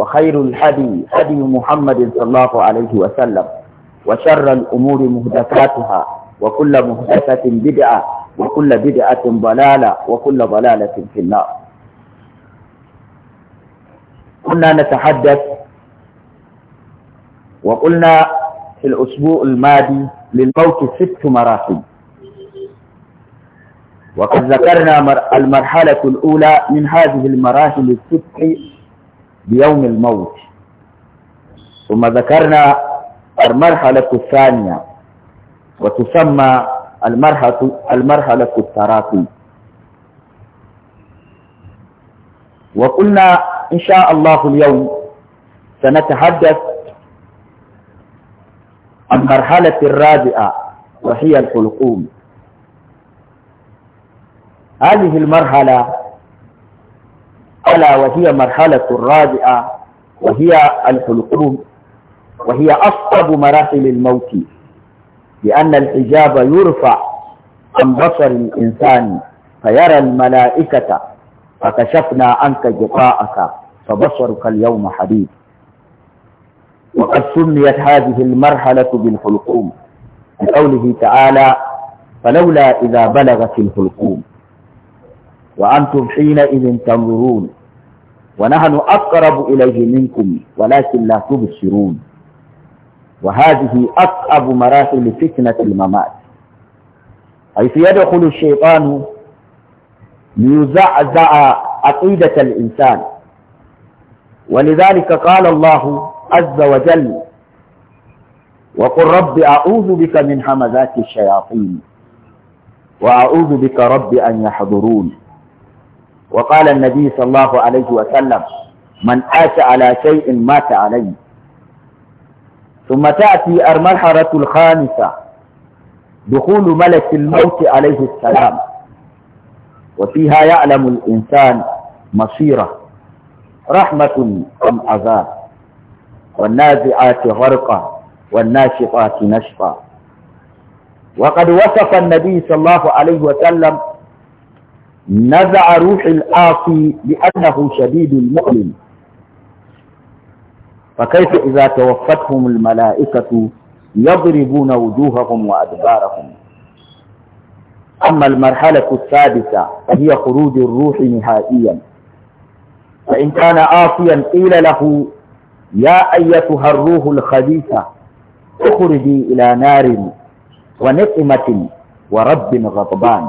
وخير الهدي هدي محمد صلى الله عليه وسلم وشر الأمور مهدفاتها وكل مهدفة بدعة وكل بدعة ضلالة وكل ضلالة في النار كنا نتحدث وقلنا في الأسبوع الماضي للموت ست مراحل وقد ذكرنا المرحلة الأولى من هذه المراحل الست بيوم الموت ثم ذكرنا المرحلة الثانية وتسمى المرحلة, المرحلة التراقي وقلنا إن شاء الله اليوم سنتحدث عن مرحلة الرابعة وهي الحلقوم هذه المرحلة ألا وهي مرحلة الرابعه وهي الحلقوم وهي أصعب مراحل الموت لأن الحجاب يرفع عن بصر الإنسان فيرى الملائكة فكشفنا عنك جفاءك فبصرك اليوم حديد وقد سميت هذه المرحلة بالحلقوم لقوله تعالى فلولا إذا بلغت الحلقوم وأنتم حينئذ تنظرون ونحن أقرب إليه منكم ولكن لا تبصرون وهذه أصعب مراحل فتنة الممات حيث يدخل الشيطان ليزعزع عقيدة الإنسان ولذلك قال الله عز وجل وقل رب أعوذ بك من همزات الشياطين وأعوذ بك رب أن يحضرون وقال النبي صلى الله عليه وسلم من أتى على شيء مات عليه ثم تأتي المرحلة الخامسة دخول ملك الموت عليه السلام وفيها يعلم الإنسان مصيره رحمة أم عذاب والنازعات غرقا والناشطات نشطا وقد وصف النبي صلى الله عليه وسلم نزع روح الآصي لأنه شديد المؤلم فكيف إذا توفتهم الملائكة يضربون وجوههم وأدبارهم أما المرحلة السادسة فهي خروج الروح نهائيا فإن كان آصيا قيل له يا أيتها الروح الخبيثة اخرجي إلى نار ونقمة ورب غضبان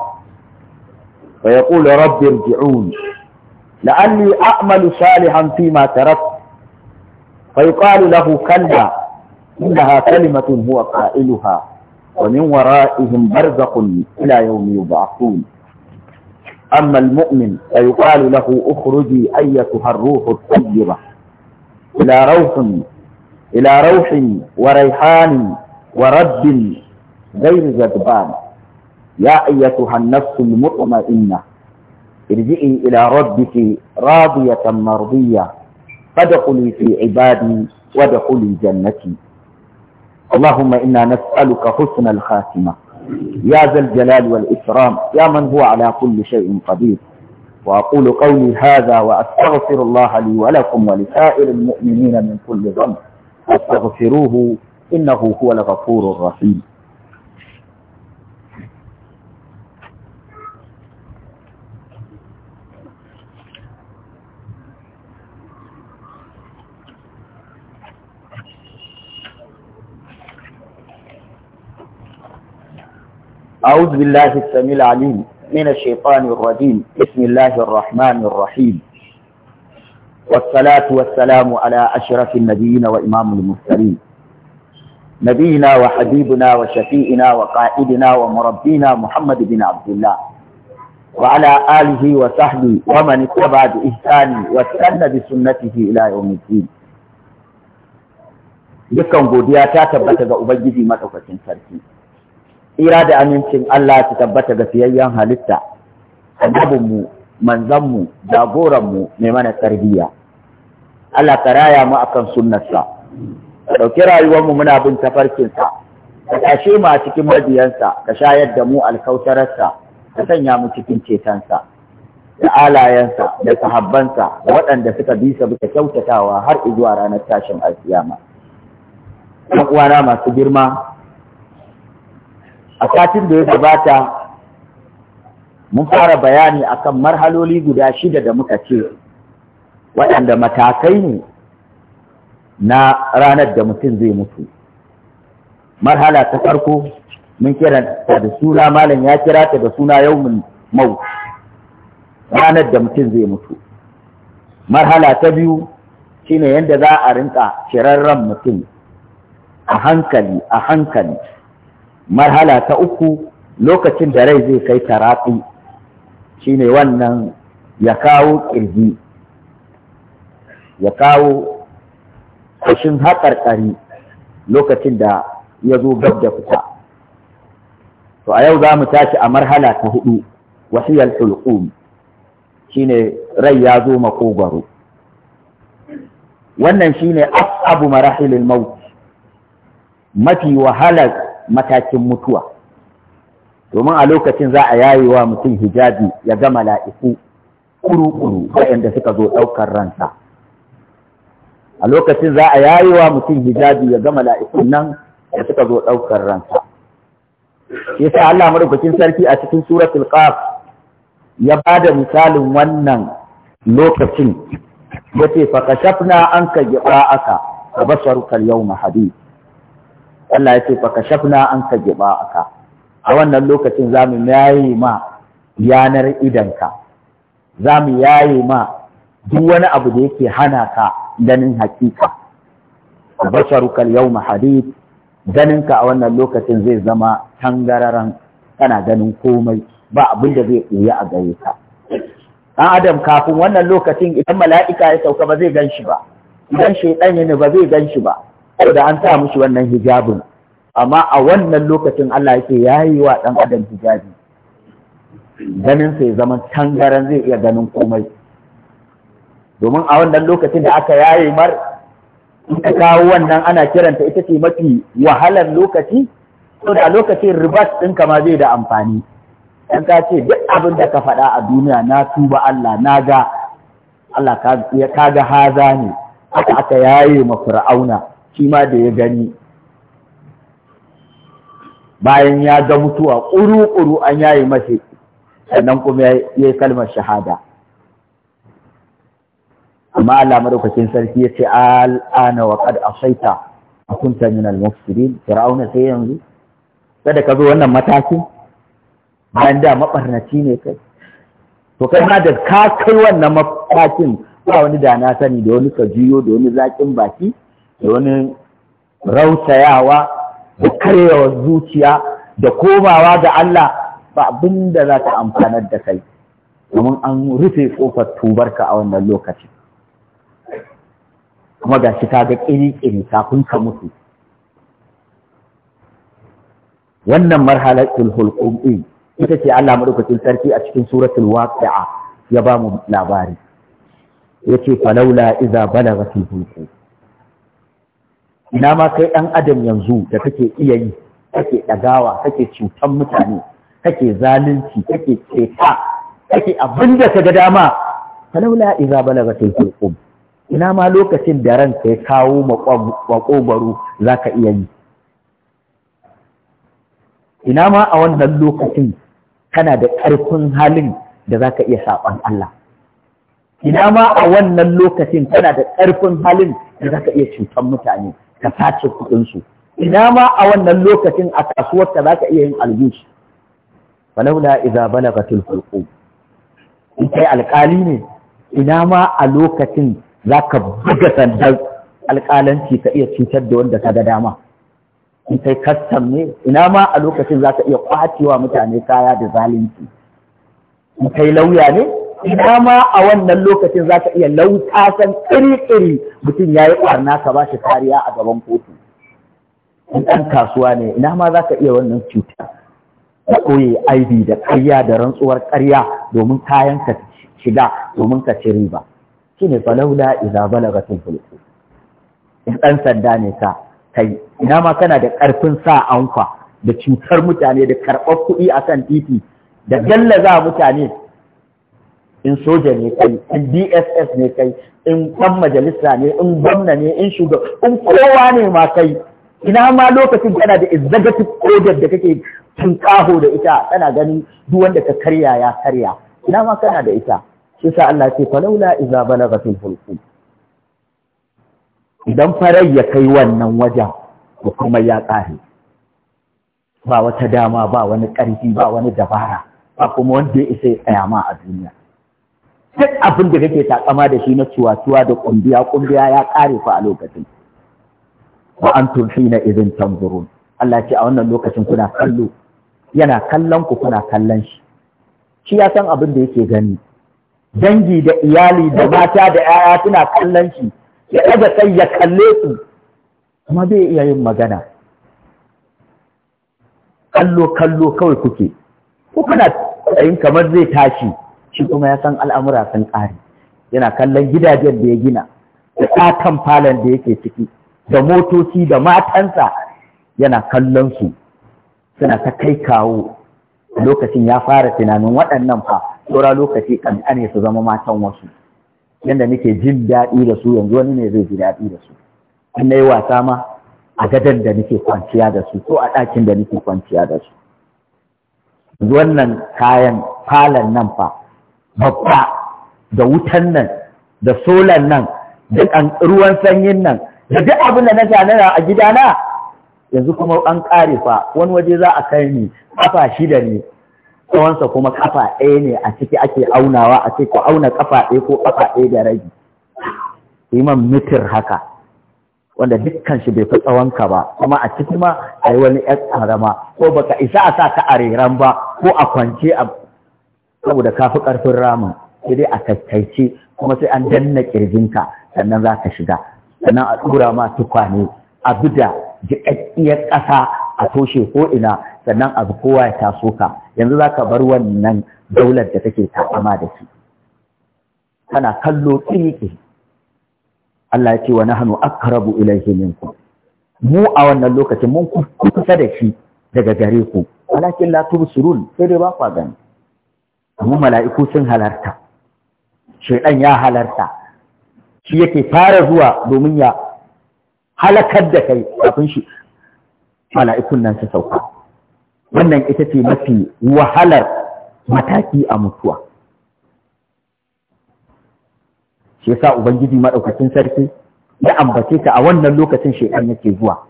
فيقول رب ارجعون لأني أعمل صالحا فيما تركت فيقال له كلا إنها كلمة هو قائلها ومن ورائهم برزق إلى يوم يبعثون أما المؤمن فيقال له أخرجي أيتها الروح الطيبة إلى روح إلى روح وريحان ورب غير جذبان يا أيتها النفس المطمئنة ارجعي إلى ربك راضية مرضية فادخلي في عبادي وادخلي جنتي اللهم إنا نسألك حسن الخاتمة يا ذا الجلال والإكرام يا من هو على كل شيء قدير وأقول قولي هذا وأستغفر الله لي ولكم ولسائر المؤمنين من كل ذنب فاستغفروه إنه هو الغفور الرحيم أعوذ بالله السميع العليم من الشيطان الرجيم بسم الله الرحمن الرحيم والصلاة والسلام على أشرف النبيين وإمام المرسلين نبينا وحبيبنا وشفيئنا وقائدنا ومربينا محمد بن عبد الله وعلى آله وصحبه ومن اتبع بإحسان واستنى بسنته إلى يوم الدين لكم godiya ta أبجدي ga Ubangiji tsira da amincin Allah ta tabbata ga fiyayyen halitta annabinmu manzanmu jagoranmu mai mana tarbiyya Allah ka raya mu a kan sunnarsa ka ɗauki rayuwarmu muna bin tafarkinsa ka tashe mu a cikin mabiyansa ka shayar da mu alkautararsa ka sanya mu cikin cetonsa da alayensa da sahabbansa da waɗanda suka bisa sa bisa kyautatawa har zuwa ranar tashin alkiyama. uwana masu girma a satin da ya gabata mun fara bayani akan marhaloli guda shida da muka ce waɗanda matakai ne na ranar da mutum zai mutu marhala ta farko mun kira da suna malam ya kira ta da suna yaumin mau ranar da mutum zai mutu marhala ta biyu shine yadda za a rinka shirarren mutum a hankali a hankali marhala ta uku lokacin da rai zai kai tarafi shine wannan ya kawo ƙirji ya kawo kushin haƙarƙari lokacin da ya zo gab da fita to a yau za mu tashi a marhala ta hudu wasiyar tulqum shine rai ya zo makogwaro wannan shine abu marahilin mauti mafi wahalar matakin mutuwa domin a lokacin za a yayi wa mutum hijabi ya ga mala'iku kuru-kuru waɗanda suka zo ɗaukar ransa a lokacin za a yayi wa mutum hijabi ya ga mala'ikun nan da suka zo ɗaukar ransa shi sa Allah madaukakin sarki a cikin suratul qaf ya ba da misalin wannan lokacin yace fa kashafna anka ghita'aka wa basaruka al-yawma hadid Allah ya ce fa kashafna an ka aka a wannan lokacin za mu yaye ma yanar idanka za mu yaye ma duk wani abu da yake hana ka ganin hakika yau yawma hadid ganinka a wannan lokacin zai zama tangararan kana ganin komai ba abin da zai ɓuya a gare ka ɗan adam kafin wannan lokacin idan mala'ika ya sauka ba zai gan shi ba idan shaidan ne ba zai gan shi ba saboda an sa mushi wannan hijabin amma a wannan lokacin Allah yake yayi wa dan adam hijabi ganin sai zaman tangaran zai iya ganin komai domin a wannan lokacin da aka yaye mar in ka kawo wannan ana kiranta ita ce mafi wahalar lokaci to da lokacin ribat din ma zai da amfani An ka ce duk abin da ka faɗa a duniya na tuba Allah na ga Allah ka ga haza ne aka aka yaye ma fir'auna shi ma da ya gani bayan ya ga mutuwa ƙuru-ƙuru an yayi mace sannan kuma ya yi kalmar shahada amma alamar kwakin sarki ya ce al'ana wa qad asaita kunta min al fir'auna sai yanzu kada ka zo wannan matakin bayan da maɓarnaci ne kai to kai ma da ka kai wannan matakin ba wani da na sani da wani ka juyo da wani zaƙin baki domin rautayawa da karewa zuciya da komawa ga Allah ba abin da za ta amfanar da kai domin an rufe ƙofar tubarka a wannan lokaci kuma ga shi ta ga ƙiri kafin ka mutu wannan marhalar hulqum ita ce Allah maɗaukacin sarki a cikin suratul waqi'a ya ba mu labari ce falaula iza balagatul hulqum ina ma kai ɗan adam yanzu da kake iya yi kake ɗagawa kake cutan mutane kake zalunci kake ceta kake abin da ka ga dama falaula idza ga al-qulub ina ma lokacin da ranka ya kawo makogwaro ka iya yi ina ma a wannan lokacin kana da ƙarfin halin da za ka iya saɓon Allah ina ma a wannan lokacin kana da ƙarfin halin da za ka iya cutan mutane ka sace kuɗinsu ina ma a wannan lokacin a kasuwarka za ka iya yin algushi falaula idza balagatul hulqu in kai alƙali ne ina ma a lokacin za ka buga sandar alƙalanci ka iya cutar da wanda ka ga dama in kai kastam ne ina ma a lokacin za ka iya kwacewa mutane kaya da zalunci in kai lauya ne ina ma a wannan lokacin za ka iya lautasan san ƙiri mutum ya yi ƙwarna ka ba shi kariya a gaban kotu in ɗan kasuwa ne ina ma za ka iya wannan cuta da ɓoye aibi da ƙarya da rantsuwar ƙarya domin kayan ka shiga domin ka ci riba shi ne falaula idza balagatul hulqu in ɗan sanda ne sa kai ina ma kana da ƙarfin sa anfa da cutar mutane da karɓar kuɗi a kan titi da gallaza mutane in soja ne kai in dss ne kai in ɗan majalisa ne in gwamna ne in shugab in kowa ne ma kai ina ma lokacin kana da executive order da kake kaho da ita kana ganin duk wanda ka karya ya karya ina ma kana da ita shi sa Allah ce falaula idza balagatil hulqum idan farai ya kai wannan wajen ko kuma ya ƙare ba wata dama ba wani ƙarfi ba wani dabara ba kuma wanda ya isa ya tsaya ma a duniya duk abin da kake takama da shi na ciwatuwa da kumbiya kumbiya ya kare fa a lokacin wa antum na idhin tanzurun Allah ce a wannan lokacin kuna kallo yana kallon ku kuna kallon shi shi ya san abin da yake gani dangi da iyali da mata da yaya suna kallon shi ya daga kai ya kalle su kuma bai iya yin magana kallo kallo kawai kuke ku kana tsayin kamar zai tashi shi kuma ya san al'amura sun ƙare yana kallon gidajen da ya gina da ƙaton falon da yake ciki da motoci da matansa yana kallon su suna ta kai kawo lokacin ya fara tunanin waɗannan fa tsora lokaci ƙanƙane su zama matan wasu yadda nake jin daɗi da su yanzu wani ne zai ji daɗi da su in na yi wasa ma a gadon da nake kwanciya da su ko a ɗakin da nake kwanciya da su wannan kayan falon nan fa babba da wutan nan da solan nan da ruwan sanyin nan da duk abin da na nana a gidana yanzu kuma an ƙare fa wani waje za a kai ni kafa shida ne tsawonsa kuma kafa ɗaya ne a ciki ake aunawa a ce ko auna kafa ɗaya ko kafa ɗaya da rabi imam mitir haka wanda dukkan shi bai fi tsawonka ba kuma a ciki ma a yi wani ƴan ƙarama ko baka isa a sa ka a reran ba ko a kwance a saboda kafi ƙarfin ramin sai dai a tattaice kuma sai an danna ƙirjinka sannan za ka shiga sannan a ɗura ma tukwane a bi da jiƙaƙƙiyar ƙasa a toshe ko ina, sannan abu kowa ya taso ka yanzu za ka bar wannan daular da take ta'ama da shi kana kallo ƙiƙi Allah ya ce wa nahnu aqrabu ilayhi minkum mu a wannan lokacin mun kusa da shi daga gare ku walakin la tubsirun sai dai ba ku gani amma mala'iku sun halarta shaiɗan ya halarta shi yake fara zuwa domin ya halakar da kai kafin shi mala'ikun nan su sauka wannan ita ce mafi wahalar mataki a mutuwa shi sa ubangiji maɗaukacin sarki ya ambace ta a wannan lokacin shaiɗan yake zuwa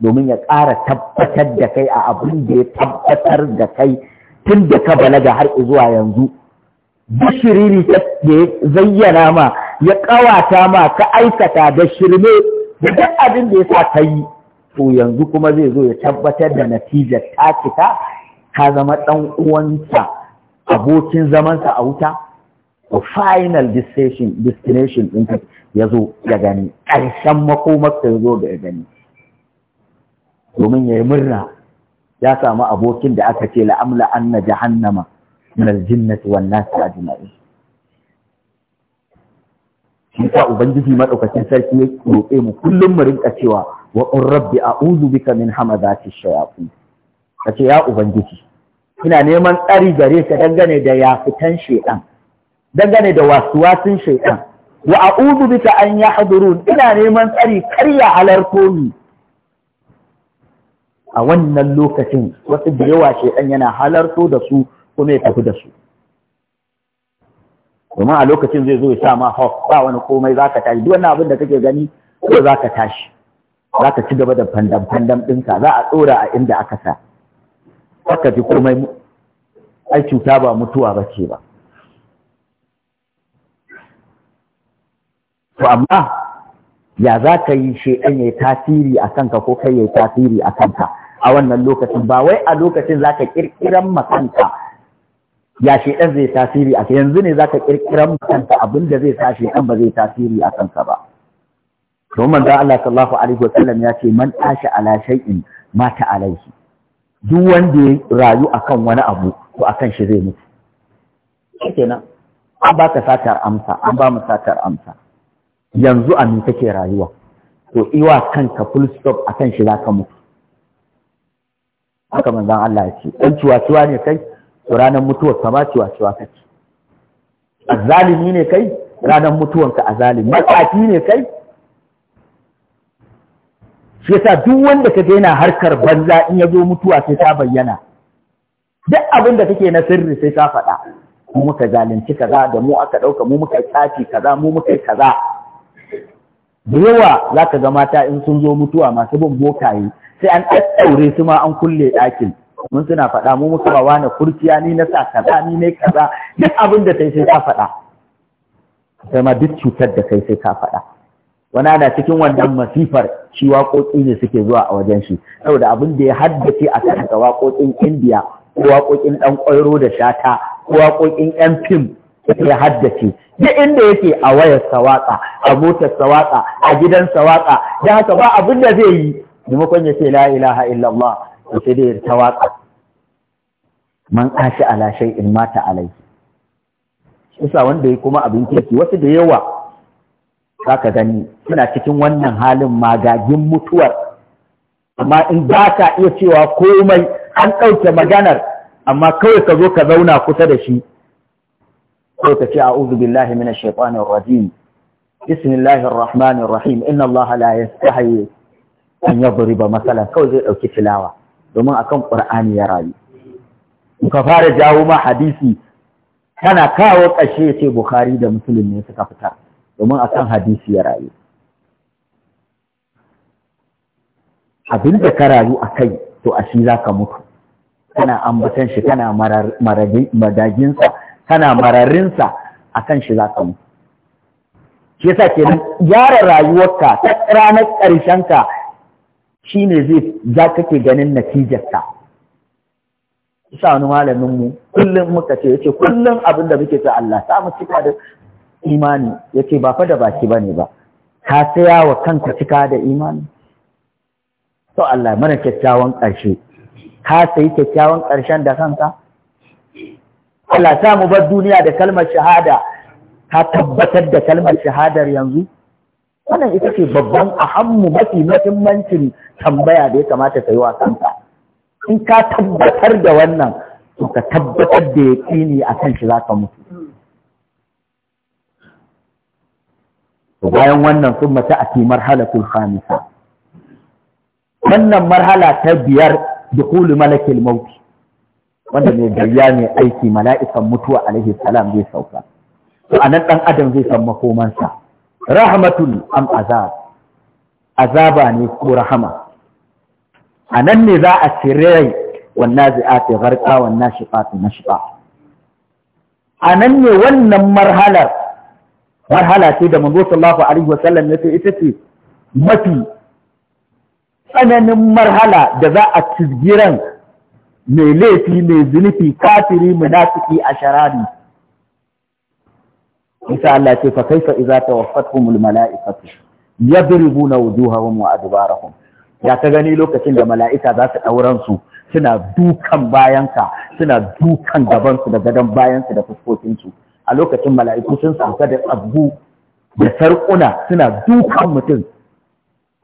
domin ya ƙara tabbatar da kai a abin da ya tabbatar da kai tun da ka balaga har zuwa yanzu duk shiriri ta ya zayyana ma ya ƙawata ma ka aikata da shirme da duk abin da ya sa ka yi to yanzu kuma zai zo ya tabbatar da natijar ta cika ka zama ɗan uwansa abokin zamansa a wuta to final destination destination ɗinka ya zo ya gani ƙarshen makomarsa ya zo da ya gani domin ya yi murna ya samu abokin da aka ce la'amla na jahannama min aljinnati wan nasi ajma'in shi ta ubangiji madaukakin sarki ya roƙe mu kullum mu rinka cewa wa qur rabbi a'udhu bika min hamazati shayatin kace ya ubangiji ina neman tsari gare ka dangane da yafitan shaytan dangane da wasuwasin shaytan wa a'udhu bika an yahdurun ina neman tsari karya ya halarto ni a wannan lokacin wasu da yawa shaidan yana halarto da su kuma ya tafi da su Kuma a lokacin zai zo ya sa ma hawk ba wani komai za ka tashi duk abin da kake gani ko za ka tashi za ka ci gaba da fandam fandam ɗinka za a ɗora a inda aka sa haka ji komai ai cuta ba mutuwa ba ce ba to amma ya za ka yi shi ɗan ya yi tasiri a kanka ko kai ya yi tasiri a kanka a wannan lokacin ba wai a lokacin zaka kirkiran makanka ya shi shedan zai tasiri a yanzu ne zaka kirkiran makanka abin da zai sa shedan ba zai tasiri a kanka ba to manzo Allah sallallahu alaihi wasallam ya ce man tashi ala shay'in mata alaihi duk wanda ya rayu akan wani abu to akan shi zai mutu kenan an baka satar amsa an ba mu satar amsa yanzu a me kake rayuwa to iwa kanka full stop akan shi zaka mutu haka manzan Allah ya ce ciwa-ciwa ne kai ranar mutuwar ka ma ciwaciwa kake azalimi ne kai ranar mutuwar ka azalimi matsafi ne kai shi yasa duk wanda ka yana harkar banza in ya zo mutuwa sai ta bayyana duk abin da kake na sirri sai ka faɗa mu muka zalunci kaza da mu aka ɗauka mu muka tsafi kaza mu muka kaza da yawa za ka ga mata in sun zo mutuwa masu bin bokaye sai an ɗaure su ma an kulle ɗakin mun suna faɗa mu muka ba wani kurciya ni na sa kaza ni ne kaza duk abin da kai sai ka faɗa sai ma duk cutar da kai sai ka faɗa wani ana cikin wannan masifar shi waƙoƙi ne suke zuwa a wajen shi saboda abin da ya haddace a kan ga waƙoƙin indiya ko waƙoƙin ɗan ƙwairo da shata ko waƙoƙin yan fim ya haddace duk inda yake a wayar sawaƙa a motar sawaƙa a gidan sawaƙa da haka ba abin da zai yi maimakon ya ce la ilaha illallah to sai dai ta waka man ashi ala in mata alai Kusa wanda ya kuma abin kirki wasu da yawa zaka gani suna cikin wannan halin magagin mutuwar amma in ba ka iya cewa komai an ɗauke maganar amma kawai ka zo ka zauna kusa da shi ko ka ce a'udhu billahi minash shaitanir rajim bismillahir rahmanir rahim inna allaha la yastahi an yi buri ba matsala kawai zai ɗauki tilawa domin akan ƙur'ani ya rayu in ka fara jawo ma hadisi kana kawo ƙashe ya ce bukhari da musulun ne suka fita. domin akan hadisi ya rayu abin da ka rayu a to a shi za ka mutu kana ambatan shi kana madaginsa kana mararinsa a kan shi za ka mutu shi yasa kenan gyara rayuwarka ta ranar ka. shi ne zai za kake ganin natijarta isa wani malamin mu kullum muka ce Ya ce kullum abin da muke ta Allah ta mu cika da imani Ya ce ba fa da baki bane ba ka saya wa kanka cika da imani to Allah mana kyakkyawan ƙarshe ka sayi kyakkyawan ƙarshen da kanka Allah ta mu bar duniya da kalmar shahada ka tabbatar da kalmar shahadar yanzu wannan ita ce babban ahammu mafi muhimmancin tambaya da ya kamata ka yi wa kanka in ka tabbatar da wannan to ka tabbatar da yaƙini a kan shi za ka mutu to bayan wannan sun mace a fi marhalatul khamisa wannan marhala ta biyar dukulu malakil mauti wanda mai gayya mai aiki mala'ikan mutuwa alaihi salam zai sauka to anan dan adam zai san makomansa rahmatun am azab azaba ne ko rahama a nan ne za a cire rai wannan zi'ati garka wannan shiqati nashqa a nan ne wannan marhalar marhala ce da manzo sallallahu alaihi wasallam yace ita ce mafi tsananin marhala da za a cizgiran mai laifi mai zunufi kafiri munafiki a sharari insha Allah ce fa kaifa idza tawaffatuhumul mala'ikatu yadribuna wujuhahum wa adbarahum ya ka gani lokacin da mala'ika za su ɗauran su suna dukan bayanka suna dukan su da gadon su da fuskokinsu a lokacin mala'iku sun sauka da tsabbu da sarƙuna suna dukan mutum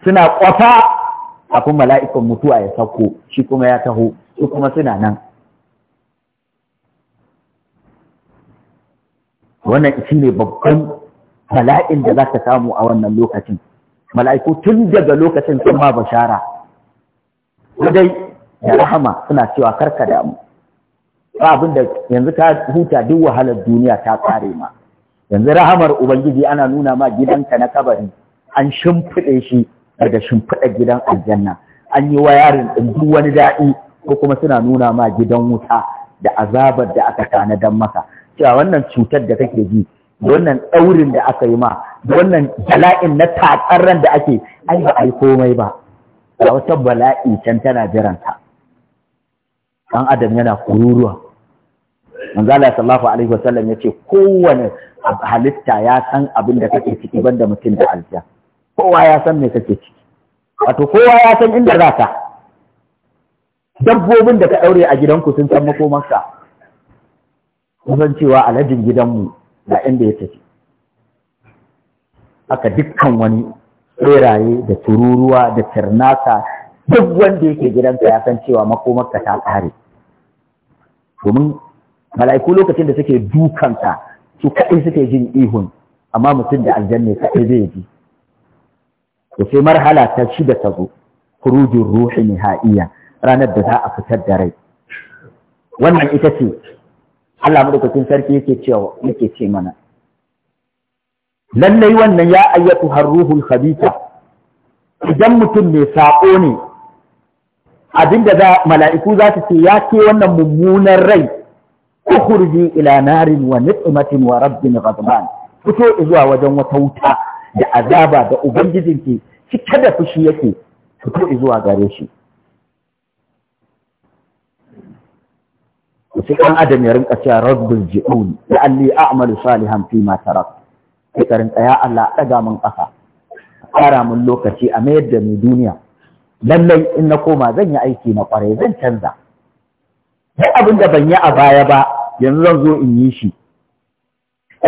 suna ƙwafa kafin mala'ikan mutuwa ya sauko shi kuma ya taho shi kuma suna nan wannan shi ne babban bala'in da za ka samu a wannan lokacin mala'iku tun daga lokacin sun ma bashara dai da rahama suna cewa karka damu ba abin da yanzu ka huta duk wahalar duniya ta kare ma yanzu rahamar ubangiji ana nuna ma gidanka na kabari an shimfiɗe shi daga shimfiɗa gidan aljanna an yi wayarin ɗin duk wani daɗi ko kuma suna nuna ma gidan wuta da azabar da aka tanadan maka cewa wannan cutar da kake ji wannan ɗaurin da aka yi ma wannan bala'in na tatsarran da ake ai ba a yi komai ba ga wata bala'i can tana jiranta ɗan adam yana kururuwa manzala sallallahu alaihi wasallam ya ce kowane halitta ya san abin da kake ciki banda mutum da aljiya kowa ya san me kake ciki wato kowa ya san inda za ka dabbobin da ka ɗaure a gidanku sun san makomarka kusan cewa alhajin gidanmu na inda ya tafi aka dukkan wani tseraye da tururuwa da tarnasa duk wanda yake gidanka ya san cewa makomarka ta kare domin mala'iku lokacin da suke dukanka su kaɗai suke jin ihun amma mutum da aljanna kaɗai zai ji to sai marhala ta shida ta zo kurujin ruhi nihaiya ranar da za a fitar da rai wannan ita ce Allah madaukakin sarki yake cewa yake ce mana lallai wannan ya ayyatu harruhul khabitha idan mutum mai sako ne abinda za mala'iku za su ce ya ce wannan mummunan rai ukhruji ila narin wa ni'matin wa rabbin ghadban fito zuwa wajen wata wuta da azaba da ubangijinki cike da fushi yake fito zuwa gare shi sai ɗan adam ya rinka cewa rabbul ji'un la'alli a'malu salihan fi ma tarak sai ka rinka ya Allah ɗaga mun kasa ƙara mun lokaci a mayar da ni duniya lallai in na koma zan yi aiki na ƙwarai zan canza sai abin da ban yi a baya ba yanzu zan zo in yi shi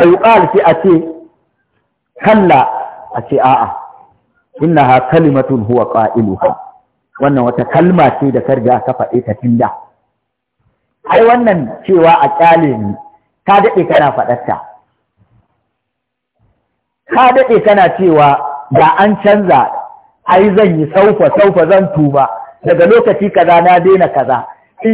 ayyuqal sai a ce kalla a ce a'a innaha kalimatun huwa qailuha wannan wata kalma ce da karga ka faɗe ta tinda ai wannan cewa a kyale ni ka daɗe kana faɗarta ka daɗe kana cewa da an canza ai zan yi saufa saufa zan tuba daga lokaci kaza na daina kaza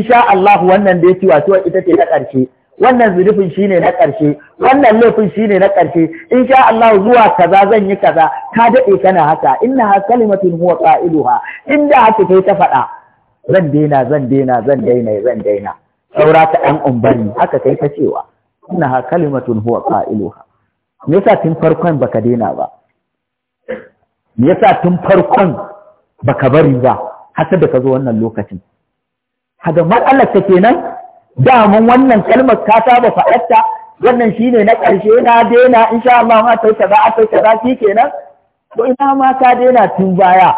sha Allah wannan da ya ci wato ita ce ta ƙarshe wannan zurfin shine na ƙarshe wannan laifin shine na ƙarshe insha Allah zuwa kaza zan yi kaza ka daɗe kana haka inna kalimatun huwa qailuha inda haka kai ta faɗa zan daina zan daina zan daina zan daina saura ta ɗan umbani haka kai ta cewa ina ha kalimatun huwa qailuha me yasa tun farkon baka daina ba me yasa tun farkon baka bari ba Hasa da ka zo wannan lokacin haga matsalar ta kenan damun wannan kalmar ka saba faɗarta wannan shi ne na ƙarshe na daina sha Allah ma tai kaza akai kaza nan to ina ma ka daina tun baya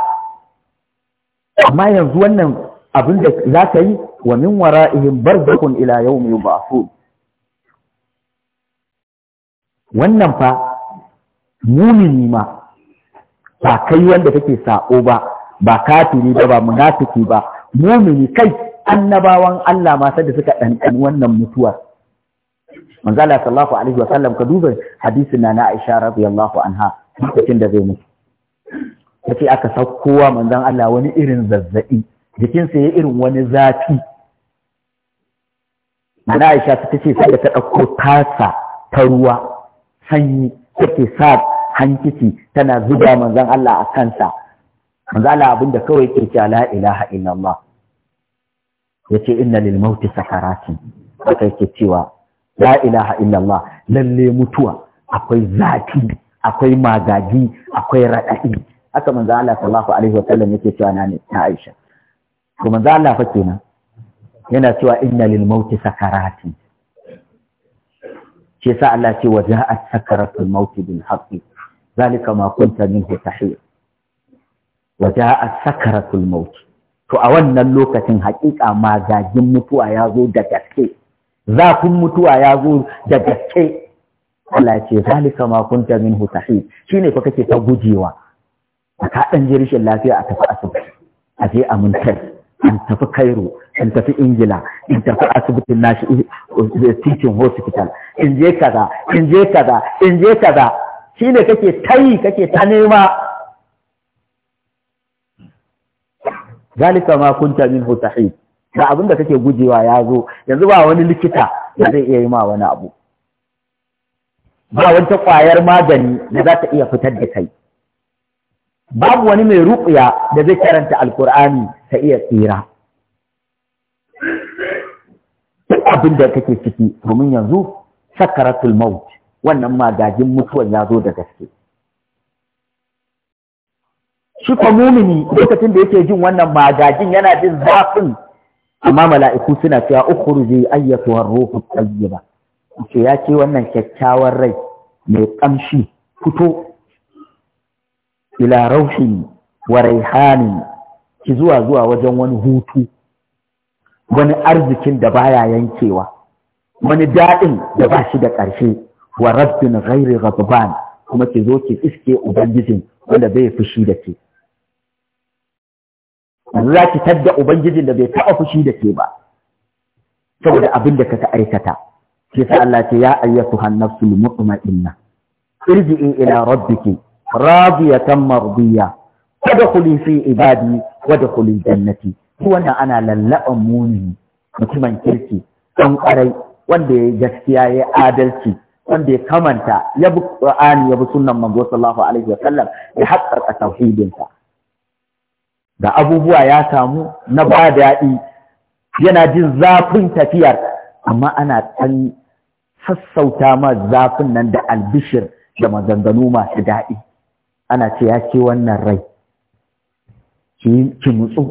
amma yanzu wannan abin da za ka yi wa min bar barzakhun ila yau mai yub'athun wannan fa mumini ma ba kai wanda kake sa'o ba ba kafiri ba ba munafiki ba mumini kai annabawan Allah masu da suka ɗanɗan wannan mutuwa manzala sallallahu alaihi wa ka duba hadisin na na Aisha radiyallahu anha lokacin da zai mutu ce aka saukowa manzon Allah wani irin zazzaɓi jikinsa ya irin wani zafi mana aisha ta ce sai da ta ɗauko tasa ta ruwa sanyi take sa hankici tana zuba manzon Allah a kansa manzon Allah abinda kawai ke cewa la ilaha illallah yace inna lil mauti sakaratin haka yake cewa la ilaha illallah lalle mutuwa akwai zafi akwai magagi akwai raɗaɗi haka manzon Allah sallallahu alaihi wa sallam yake cewa na Aisha to manzo Allah fa kenan yana cewa inna lil mauti sakarati shi sa Allah ce wa ja'at sakaratul maut bil haqqi zalika ma kunta minhu tahir wa ja'at sakaratul maut to a wannan lokacin haƙiƙa magagin mutuwa ya zo da gaske zafin mutuwa ya zo da gaske Allah ce zalika ma kunta minhu tahir shine fa kake ta gujewa ka dan ji rashin lafiya a tafi asibiti a je a mun kai in tafi Cairo in tafi Ingila in tafi asibitin nashi eh, eh, teaching hospital in je kaza in je kaza in je kaza shine kake tayi kake ta nema zalika ma kunta minhu tahid da abin da kake gujewa ya zo yanzu ba wani likita da zai iya yi ma wani abu ba wata kwayar magani da za ta iya fitar da kai babu wani mai ruƙuya da zai karanta alkur'ani ta iya tsira duk abin da kake ciki domin yanzu sakaratul maut wannan magajin mutuwan ya zo da gaske shi ko mumini lokacin da yake jin wannan magajin yana jin zafin amma mala'iku suna cewa ukhruji ayyatuha ruhu tayyiba ce ya ce wannan kyakkyawar rai mai kamshi fito ila rauhin wa raihani ki zuwa zuwa wajen wani hutu wani arzikin da baya yankewa wani daɗin da ba shi da ƙarshe wa rabbin ghairi ghadban kuma ki zo ki iske ubangijin wanda bai fushi da ke za ki tadda ubangijin da bai taɓa fushi da ke ba saboda abin da ka aikata shi sa Allah ce ya ayyatu hannafsul mutma'inna irji'i ila rabbiki ya radiyatan mardiya wadkhuli fi ibadi kuli jannati shi wannan ana lallaban muni mutumin kirki don ƙarai wanda ya gaskiya ya adalci wanda ya kamanta ya bi Qur'ani ya bi sunnan manzo alaihi wa sallam ya haƙƙarƙa tauhidinsa da abubuwa ya samu na ba daɗi yana jin zafin tafiyar amma ana ɗan sassauta ma zafin nan da albishir da maganganu masu daɗi ana ce ya ce wannan rai ki nutsu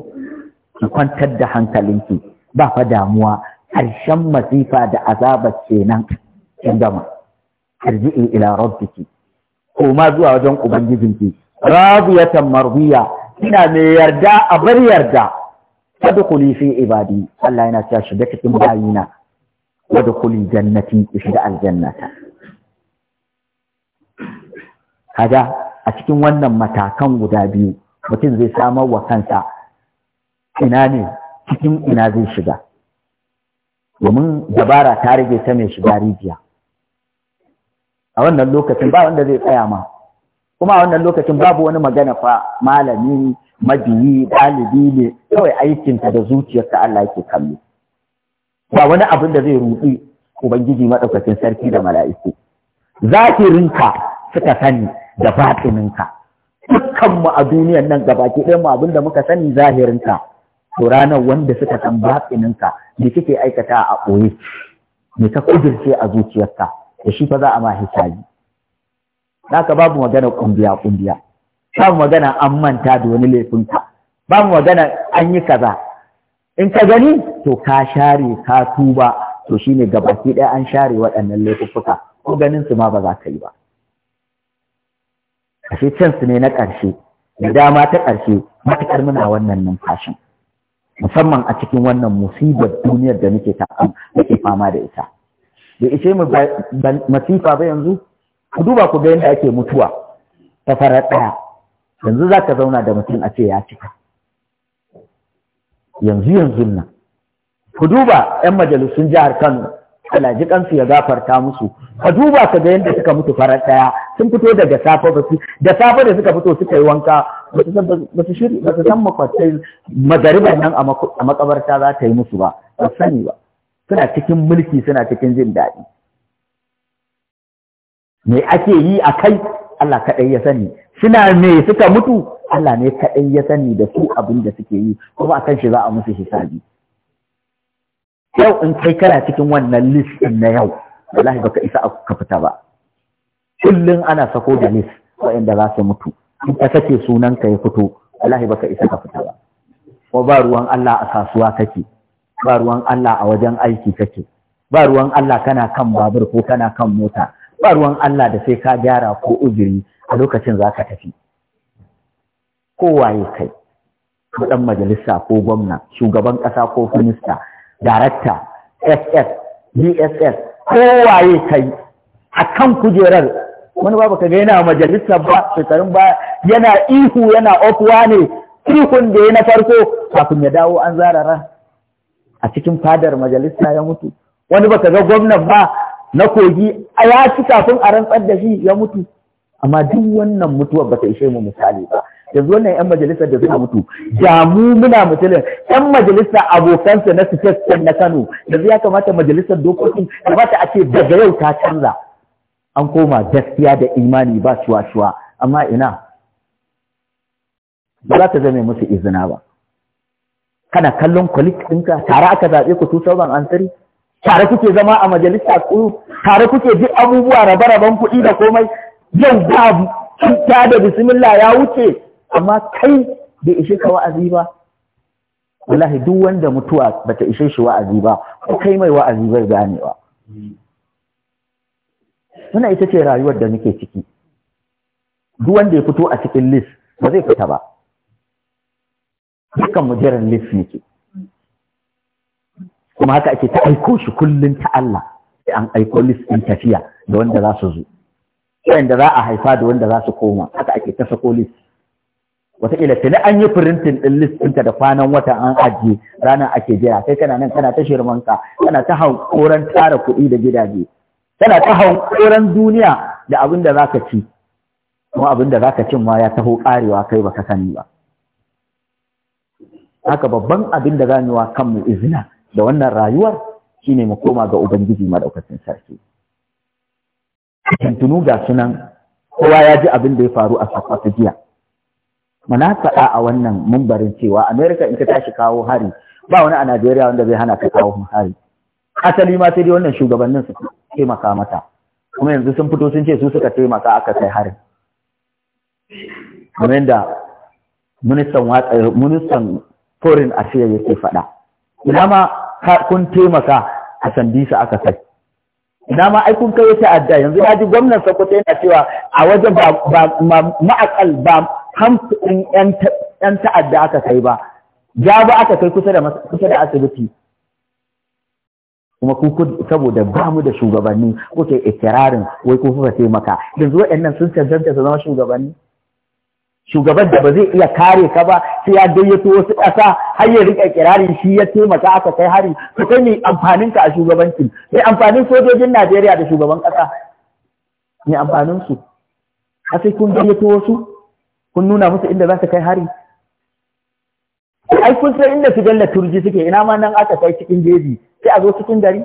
ki kwantar da hankalinki ba fa damuwa harshen masifa da azabar kenan kin gama arji'i ila rabbiki ko ma zuwa wajen ubangijinki radiyatan mardiya ina mai yarda a bar yarda fadkhuli fi ibadi Allah yana cewa shiga cikin bayina wadkhuli jannati shiga aljannata kaga a cikin wannan matakan guda biyu mutum zai samar wa kansa ina ne cikin ina zai shiga domin dabara ta rage ta mai shiga rijiya a wannan lokacin ba wanda zai tsaya ma kuma a wannan lokacin babu wani magana fa malami majiyi ɗalibi ne kawai aikinta da zuciyarka Allah yake kallo ba wani abin da zai rudi ubangiji maɗaukacin sarki da mala'iku zahirinka suka sani da batininka dukkanmu a duniyan nan gabaki ɗaya mu abinda muka sani zahirinka to ranar wanda suka san batininka me kike aikata a ɓoye me ka kudirce a zuciyarka da shi fa za a ma hisabi naka babu magana kungiya kungiya babu magana an manta da wani laifinka babu magana an yi kaza in ka gani to ka share ka tuba to shine gabaki ɗaya an share waɗannan laifuffuka ko ganin su ma ba za ka yi ba ashe su ne na ƙarshe da dama ta ƙarshe matuƙar muna wannan numfashin musamman a cikin wannan musibar duniyar da muke da muke fama da ita da ishe mu masifa ba yanzu ku duba ku ga yadda ake mutuwa ta farar ɗaya yanzu za ka zauna da mutum a ce ya cika yanzu yanzu nan ku duba 'yan majalisun jihar kano alhaji kansu ya gafarta musu ka duba ka ga yadda suka mutu farar ɗaya sun fito daga safe ba su da safe da suka fito suka yi wanka ba su san ba su shiri san magariban nan a makabarta za ta yi musu ba ba sani ba suna cikin mulki suna cikin jin daɗi me ake yi a kai Allah kaɗai ya sani suna me suka mutu Allah ne kaɗai ya sani da su abin da suke yi kuma akan shi za a musu hisabi yau in kai kana cikin wannan listin na yau wallahi baka isa ka fita ba kullum ana sako da lis waɗanda za su mutu in ka kace sunan ka ya fito wallahi baka isa ka fita ba ko ba ruwan Allah a kasuwa kake ba ruwan Allah a wajen aiki kake ba ruwan Allah kana kan babur ko kana kan mota ba ruwan Allah da sai ka gyara ko uzuri a lokacin za ka tafi kowaye kai ko majalisa ko gwamna shugaban kasa ko minista darakta ss dss kowaye kai a kan kujerar wani babu kaga yana majalisa ba shekarun ba yana ihu yana ofuwa ne ihun da ya na farko kafin ya dawo an zarara a cikin fadar majalisa ya mutu wani baka ga gwamnan ba na kogi a ya ci kafin a rantsar da shi ya mutu amma duk wannan mutuwar ba ta ishe mu misali ba yanzu wannan yan majalisar da suka mutu da mu muna mutumin yan majalisa abokansa na state na Kano yanzu ya kamata majalisar dokokin ya kamata a ce daga yau ta canza an koma gaskiya da imani ba shuwa-shuwa amma ina ba za ta zame musu izina ba kana kallon kwalik ɗinka tare aka zaɓe ku ansari? tare kuke zama a majalisa ƙuru tare kuke duk abubuwa rabe-raben kuɗi da komai yau ba cuta da bismillah ya wuce amma kai bai ishe ka wa'azi ba wallahi duk wanda mutuwa bata ishe shi wa'azi ba ko kai mai wa'azi bai ganewa Sana ita ce rayuwar da muke ciki duk wanda ya fito a cikin lis ba zai fita ba dukkan mu jiran list muke kuma haka ake ta aiko shi kullum ta Allah sai an aiko lis ɗin tafiya da wanda za su zo da za a haifa da wanda za su koma haka ake ta sako lis. wataƙila tuni an yi firintin ɗin listinka ɗinta da kwanan wata an ajiye ranar ake jira kai kana nan kana ta shirmanka kana ta hankoran tara kuɗi da gidaje Tana ta hankoran duniya da abin da za ka ci kuma abin da ka cin ma ya taho ƙarewa kai ba ka sani ba haka babban abin da ganewa kan mu izina da wannan rayuwar shine mu koma ga ubangiji maɗaukacin sarki tuntunu ga sunan kowa ya ji abin da ya faru a sakwata jiya mana faɗa a wannan mumbarin cewa amerika in ka tashi kawo hari ba wani a najeriya wanda zai hana ka kawo hari asali ma sai dai wannan shugabannin su taimaka mata kuma yanzu sun fito sun ce su suka taimaka aka kai harin kuma yanda ministan ministan foreign affairs yake faɗa ina ma kun taimaka a sandisa aka kai ina ma ai kun kai ta'adda yanzu ya ji gwamnan Sokoto yana cewa a waje ba ma'akal ba hamsin yan ta'adda aka kai ba ja ba aka kai kusa da asibiti kuma ku saboda ba mu da shugabanni ko ke ikirarin wai ku kuka taimaka yanzu waɗannan sun cancanta su zama shugabanni shugaban da ba zai iya kare ka ba sai ya gayyato wasu ƙasa har ya riƙa kirarin shi ya taimaka aka kai hari to kai ne amfanin ka a shugabancin sai amfanin sojojin Najeriya da shugaban ƙasa ne amfanin su a sai kun gayyato wasu kun nuna musu inda za su kai hari ai kun san inda su da turji suke ina ma nan aka kai cikin jeji sai a zo cikin gari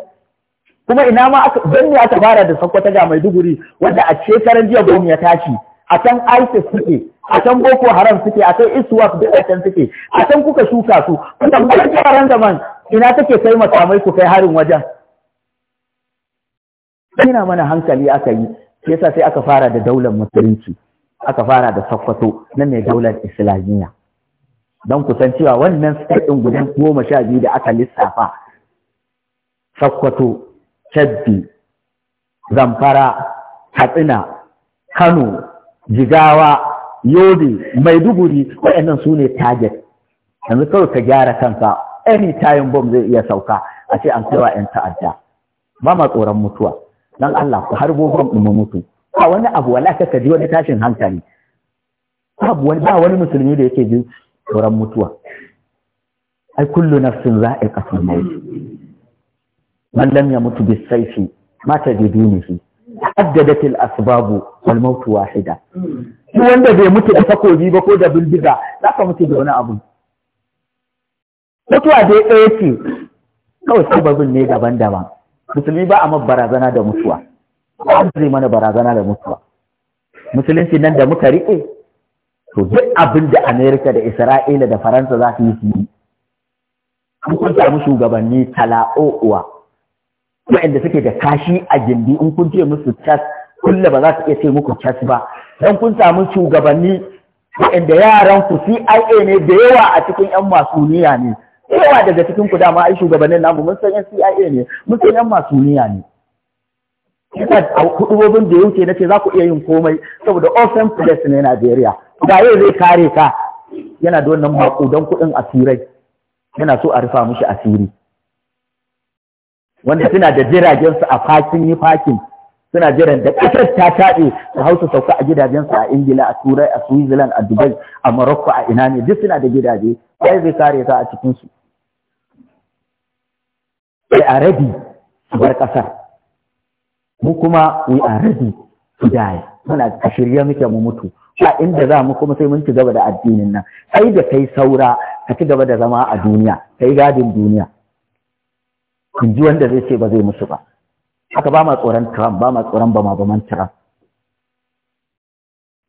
kuma ina ma aka dan ne aka fara da sakwata ga Maiduguri wanda a shekaran jiya bom ya tashi a can ISIS suke a can Boko Haram suke a can ISWAP da can suke a can kuka shuka su kuma ba da zaman ina take kai makamai ku kai harin wajen ina mana hankali aka yi yasa sai aka fara da daular musulunci aka fara da sakwato na mai daular islamiyya don kusan cewa wannan state ɗin goma sha biyu da aka lissafa sakkwato cabbi, zamfara katsina kano jigawa yobe maiduguri waɗannan su ne target yanzu kawai ka gyara kansa any time bomb zai iya sauka a ce an 'yan ta'adda ba ma tsoron mutuwa don Allah ku harbo bomb ɗin mutu ba wani abu wala ka ji wani tashin hankali ba wani musulmi da yake jin sauran mutuwa ai kullu nafsin za'iqatul maut man lam yamutu bis-sayfi mata bi dinihi ta'addadatil asbabu wal mautu wahida shi wanda bai mutu da takobi ba ko da bilbiga za ka mutu da wani abu mutuwa dai ɗaya ce kawai sababin ne daban-daban musulmi ba a barazana da mutuwa ba zai mana barazana da mutuwa musulunci nan da muka riƙe to duk abin da Amerika da Isra'ila da Faransa za su yi su yi an kun samu shugabanni tala'o'uwa waɗanda suke da kashi a gindi in kun ce musu cas kulle ba za su iya ce muku cas ba dan kun samu shugabanni waɗanda yaran ku CIA ne da yawa a cikin 'yan masuniya ne yawa daga cikin ku dama ai shugabannin namu mun san 'yan CIA ne mun san ƴan masuniya ne Kuma a hudubobin da ya wuce na ce za ku iya yin komai saboda open place ne Najeriya yau zai kare ka yana da wannan don kuɗin asirai yana so a rufa mushi asiri wanda suna da jiragensu a fakin yi fakin suna jiran da ƙasar ta taɓe su hausa sauka a gidajensu a ingila a turai a switzerland a dubai a morocco a ina ne duk suna da gidaje sai zai kare ta a cikinsu sai a rabi su bar ƙasar mu kuma we are ready to die muna shirye muke mu mutu a inda za mu kuma sai mun ci gaba da addinin nan sai da kai saura ka ci gaba da zama a duniya kai gadin duniya in ji wanda zai ce ba zai musu ba haka ba ma tsoron Trump ba ma tsoron ba ma ba man Trump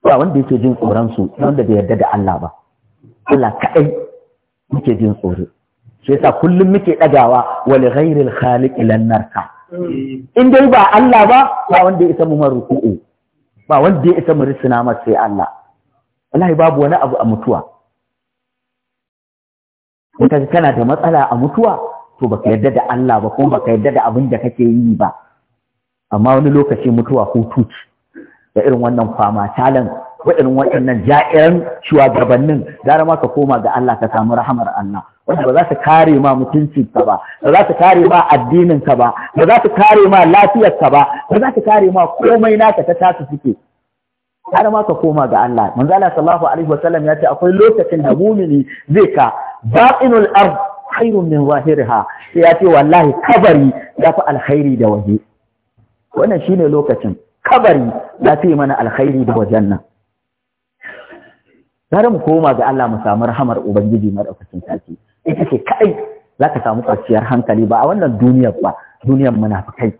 ba wanda yake jin tsoron su wanda bai yarda da Allah ba Allah kaɗai muke jin tsoro shi yasa kullum muke ɗagawa wal ghairil khaliq lan narka in dai ba Allah ba ba wanda ya isa mu ruku'u ba wanda ya isa mu risina masa sai Allah wallahi babu wani abu a mutuwa Wata kana da matsala a mutuwa to baka yarda da Allah ba kuma baka yarda da abin da kake yi ba amma wani lokaci mutuwa hutu ce da irin wannan fama talan waɗannan waɗannan ja'iran shugabannin gara ma ka koma ga Allah ka samu rahamar Allah wanda ba za ta kare ma mutuncinka ba ba za ta kare ma addininka ba ba za ta kare ma lafiyarka ba ba za ta kare ma komai naka ta tasu suke har ma ka koma ga Allah manzo Allah sallallahu alaihi wasallam ya ce akwai lokacin da mumini zai ka bainul ard khairun min zahiriha sai ya ce wallahi kabari ya fi alkhairi da waje wannan shine lokacin kabari ya fi mana alkhairi da wajen nan Gara mu koma ga Allah mu samu rahamar Ubangiji maɗaukacin sarki. ita ce kaɗai za ka samu kwanciyar hankali ba a wannan duniyar ba duniyar munafukai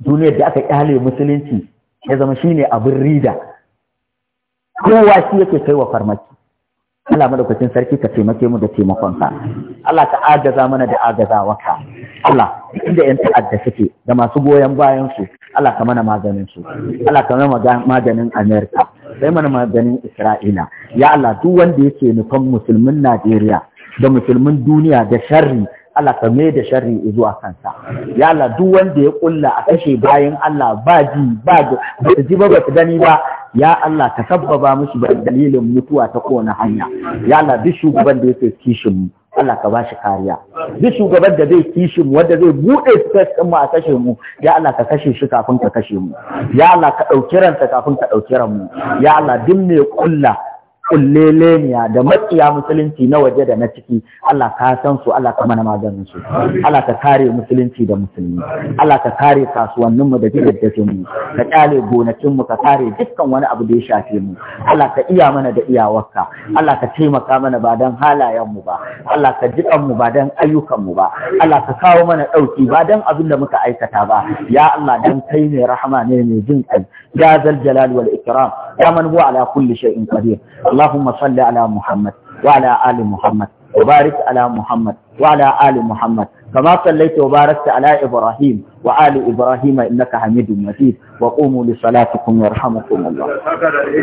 duniyar da aka kyale musulunci ya zama shine abin rida kowa shi yake kai wa farmaki Allah madaukakin sarki ka taimake mu da taimakonka Allah ka agaza mana da agazawaka Allah inda yan ta'adda suke da masu goyon bayan su Allah ka mana maganin su Allah ka mana maganin Amerika sai mana maganin Isra'ila ya Allah duk wanda yake nufan musulmin Najeriya da musulmin duniya da sharri Allah ka mai da sharri zuwa kansa ya Allah duk wanda ya kulla a kashe bayan Allah ba ji ba ji ba su gani ba ya Allah ka sabbaba mushi ba dalilin mutuwa ta kowane hanya ya Allah duk shugaban da yake kishin mu Allah ka bashi kariya duk shugaban da zai kishin mu wanda zai bude space din mu a kashe mu ya Allah ka kashe shi kafin ka kashe mu ya Allah ka dauki ransa kafin ka dauki ran mu ya Allah duk mai kulla kulleleniya da matsiya musulunci na waje da na ciki Allah ka san su Allah ka mana maganin su Allah ka kare musulunci da musulmi Allah ka kare kasuwannin mu da gidajen mu ka kyale gonakin mu ka kare dukkan wani abu da ya shafe mu Allah ka iya mana da iyawarka Allah ka taimaka mana ba dan halayen mu ba Allah ka jikan mu ba dan ayyukan mu ba Allah ka kawo mana dauki ba dan abin da muka aikata ba ya Allah dan kai ne rahama ne mai jin kai يا ذا الجلال والإكرام يا من هو على كل شيء قدير اللهم صل على محمد وعلى آل محمد وبارك على محمد وعلى آل محمد كما صليت وباركت على إبراهيم وآل إبراهيم إنك حميد مجيد وقوموا لصلاتكم يرحمكم الله